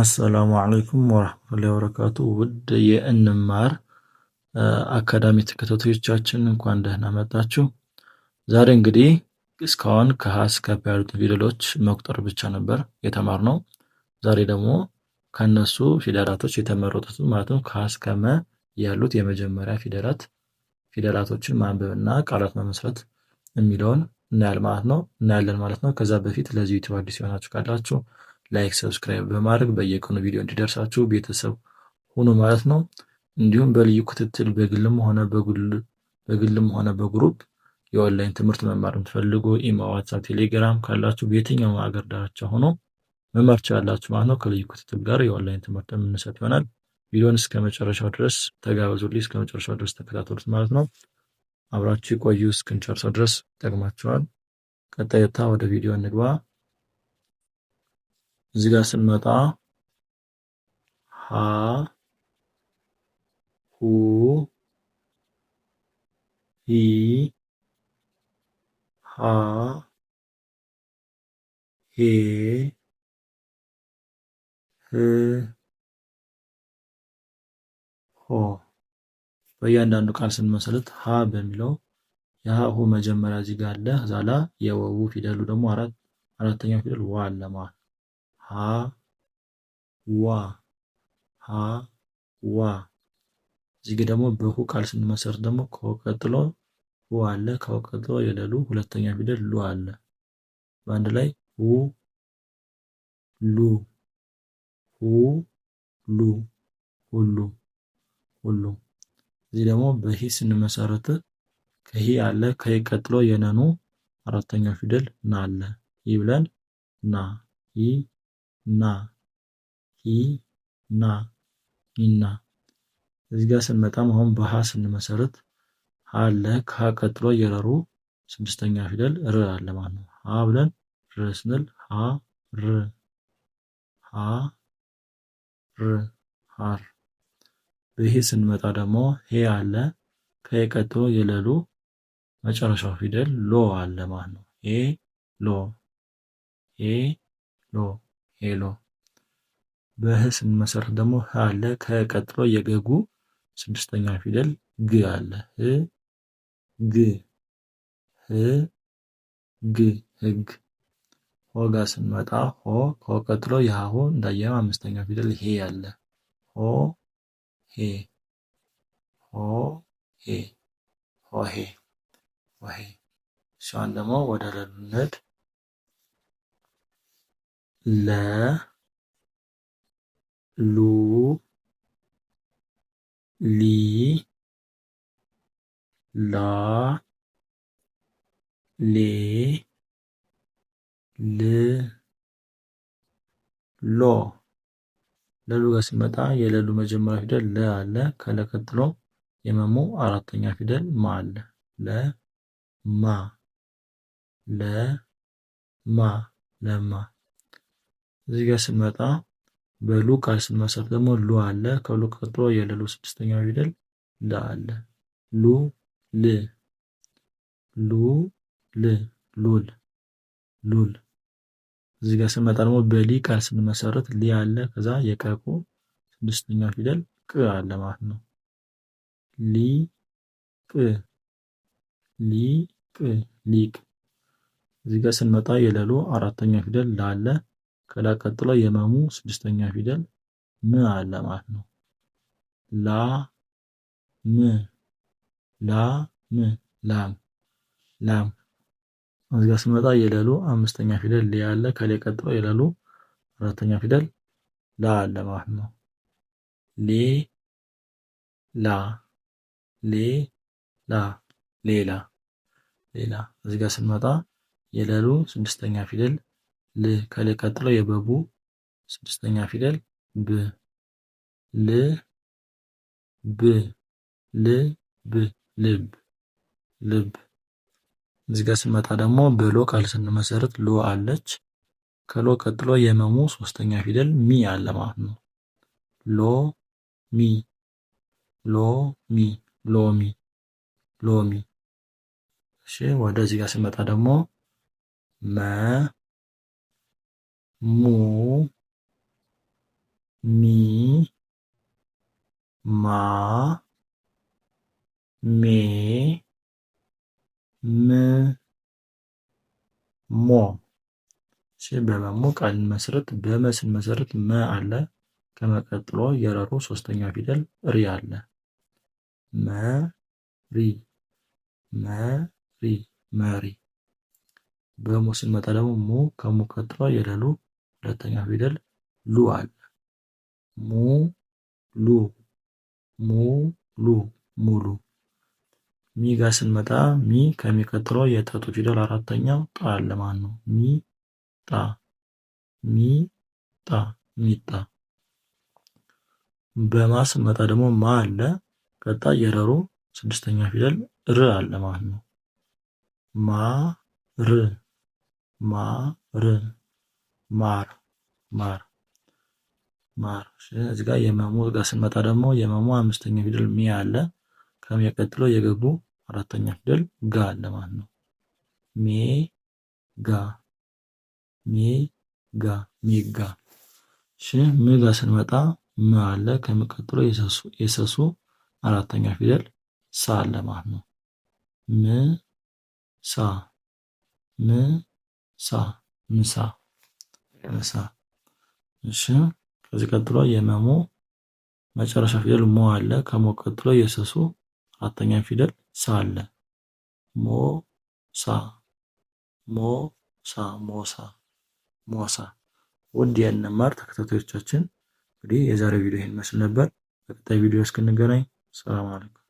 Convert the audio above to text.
አሰላሙ አለይኩም ወራህመቱላሂ ወበረካቱ። ውድ የእንማር አካዳሚ ተከታታዮቻችን እንኳን ደህና መጣችሁ። ዛሬ እንግዲህ እስካሁን ከሀ እስከ ፐ ያሉትን ፊደሎች መቁጠር ብቻ ነበር የተማርነው። ዛሬ ደግሞ ከነሱ ፊደላቶች የተመረጡትን ማለትም ከሀ እስከ መ ያሉት የመጀመሪያ ፊደላት ፊደላቶችን ማንበብና ቃላት መመስረት የሚለውን እናያል ማለት ነው እናያለን ማለት ነው። ከዛ በፊት ለዚህ ዩቲዩብ አዲስ የሆናችሁ ካላችሁ ላይክ ሰብስክራይብ በማድረግ በየቀኑ ቪዲዮ እንዲደርሳችሁ ቤተሰብ ሁኑ ማለት ነው። እንዲሁም በልዩ ክትትል በግልም ሆነ በግልም ሆነ በግሩፕ የኦንላይን ትምህርት መማር የምትፈልጉ ኢሞ፣ ዋትሳፕ፣ ቴሌግራም ካላችሁ በየተኛው ሀገር ዳርቻ ሆኖ መማር ትችላላችሁ ማለት ነው። ከልዩ ክትትል ጋር የኦንላይን ትምህርት የምንሰጥ ይሆናል። ቪዲዮን እስከ መጨረሻው ድረስ ተጋበዙልኝ። እስከ መጨረሻው ድረስ ተከታተሉት ማለት ነው። አብራችሁ የቆዩ እስክንጨርሰው ድረስ ይጠቅማችኋል። ቀጣይ ወደ ቪዲዮ እንግባ። እዚህ ጋር ስንመጣ ሀ ሁ ሂ ሀ ሄ ህ ሆ በእያንዳንዱ ቃል ስንመሰረት ሀ በሚለው የሀሁ መጀመሪያ እዚህ ጋር አለ። ዛላ የወው ፊደሉ ደግሞ አራተኛው ፊደል ዋ አለ ማለት ሀዋ ሀዋ እዚህ ደግሞ በሁ ቃል ስንመሰርት ደግሞ ከወቀጥሎ ሁ አለ። ከወቀጥሎ የለሉ ሁለተኛ ፊደል ሉ አለ። በአንድ ላይ ሁ ሉ ሁ ሉ ሁሉ ሁሉ። እዚህ ደግሞ በሂ ስንመሰረት ከሂ አለ። ከሂ ቀጥሎ የነኑ አራተኛው ፊደል ና አለ። ይህ ብለን ና ይ ና ሂ ና ሂና እዚህ ጋር ስንመጣም አሁን በሀ ስንመሰረት ሀ አለ ከሀ ቀጥሎ የረሩ ስድስተኛ ፊደል ር አለ ማለት ነው። ሀ ብለን ር ስንል ሀ ር ሀ ር ሀር። በሄ ስንመጣ ደግሞ ሄ አለ ከሄ ቀጥሎ የለሉ መጨረሻው ፊደል ሎ አለ ማለት ነው። ሄ ሎ ሄ ሎ ሄሎ በህ ስንመሰርት ደግሞ ህ አለ። ከቀጥሎ የገጉ ስድስተኛ ፊደል ግ አለ። ህ ግ ህ ግ ህግ። ሆ ጋር ስንመጣ ሆ ከሆ ቀጥሎ የሃሆ አምስተኛ ፊደል ሄ አለ። ሆ ሄ ሆ ሄ ሆሄ ሆሄ። እሺ ደግሞ ወደ ለ ሉ ሊ ላ ሌ ል ሎ ለሉ ጋር ስንመጣ የለሉ መጀመሪያ ፊደል ለ አለ። ከለ ቀጥሎ የመሙ አራተኛ ፊደል ማ አለ። ለ ማ ለ ማ ለማ እዚህ ጋር ስንመጣ በሉ ቃል ስንመሰርት ደግሞ ሉ አለ። ከሉ ቀጥሎ የለሉ ስድስተኛው ፊደል ል አለ። ሉ ል ሉ ል ሉል ሉል። እዚህ ጋር ስንመጣ ደግሞ በሊ ቃል ስንመሰርት ሊ አለ። ከዛ የቀቁ ስድስተኛው ፊደል ቅ አለ ማለት ነው። ሊ ቅ ሊ ቅ ሊቅ። እዚህ ጋር ስንመጣ የለሉ አራተኛው ፊደል ላለ ከላ ቀጥሎ የመሙ ስድስተኛ ፊደል ም አለ ማለት ነው። ላ ም ላ ም ላም ላም። እዚጋ ስመጣ የለሉ አምስተኛ ፊደል ሊ አለ። ከሌ ቀጥሎ የለሉ አራተኛ ፊደል ላ አለ ማለት ነው። ሌ ላ ሌ ላ ሌላ ሌላ። ጋር ስንመጣ የለሉ ስድስተኛ ፊደል ል ከላይ ቀጥሎ የበቡ ስድስተኛ ፊደል ብ ል ብ ል ብ ልብ ልብ። እዚህ ጋር ስንመጣ ደግሞ በሎ ቃል ስንመሰረት ሎ አለች። ከሎ ቀጥሎ የመሙ ሶስተኛ ፊደል ሚ አለ ማለት ነው። ሎ ሚ ሎ ሚ ሎሚ ሎሚ። እሺ ወደዚህ ጋር ስንመጣ ደግሞ መ ሙ ሚ ማ ሜ ም ሞ በመሞ ቃል በመስን መሰረት መ አለ ከመቀጥሎ የረሩ ሶስተኛ ፊደል ሪ አለ። መ ሪ መ ሪ መሪ። በሙ ስንመጣ ደግሞ ሙ ከሙ ቀጥሎ የለሉ ሁለተኛ ፊደል ሉ አለ። ሙ ሉ ሙ ሉ ሙሉ። ሚ ጋር ስንመጣ ሚ ከሚቀጥለው የጠጡ ፊደል አራተኛው ጣ አለ ማለት ነው። ሚ ጣ ሚ ጣ ሚጣ። በማ ስንመጣ ደግሞ ማ አለ። ቀጣ የረሩ ስድስተኛ ፊደል ር አለ ማለት ነው። ማ ር ማ ር ማር ማር ማር እዚህ ጋር የመሙ ጋር ስንመጣ ደግሞ የመሙ አምስተኛ ፊደል ሚ አለ። ከሚያ ቀጥሎ የገቡ አራተኛ ፊደል ጋ አለ ማለት ነው። ሜ ጋ ሜ ጋ ጋ። እሺ ም ጋ ስንመጣ ም አለ። ከሚቀጥሎ የሰሱ አራተኛ ፊደል ሳ አለ ማለት ነው። ም ሳ ም ሳ ምሳ እሺ ከዚህ ቀጥሎ የመሙ መጨረሻ ፊደል ሞ አለ። ከሞ ቀጥሎ የሰሱ አራተኛ ፊደል ሳ አለ። ሞ ሳ ሞ ሳ ሞሳ ሳ። ውድ የእንማር ተከታታዮቻችን እንግዲህ የዛሬ ቪዲዮ ይህን መስል ነበር። በቀጣይ ቪዲዮ እስክንገናኝ ሰላም አለይኩም።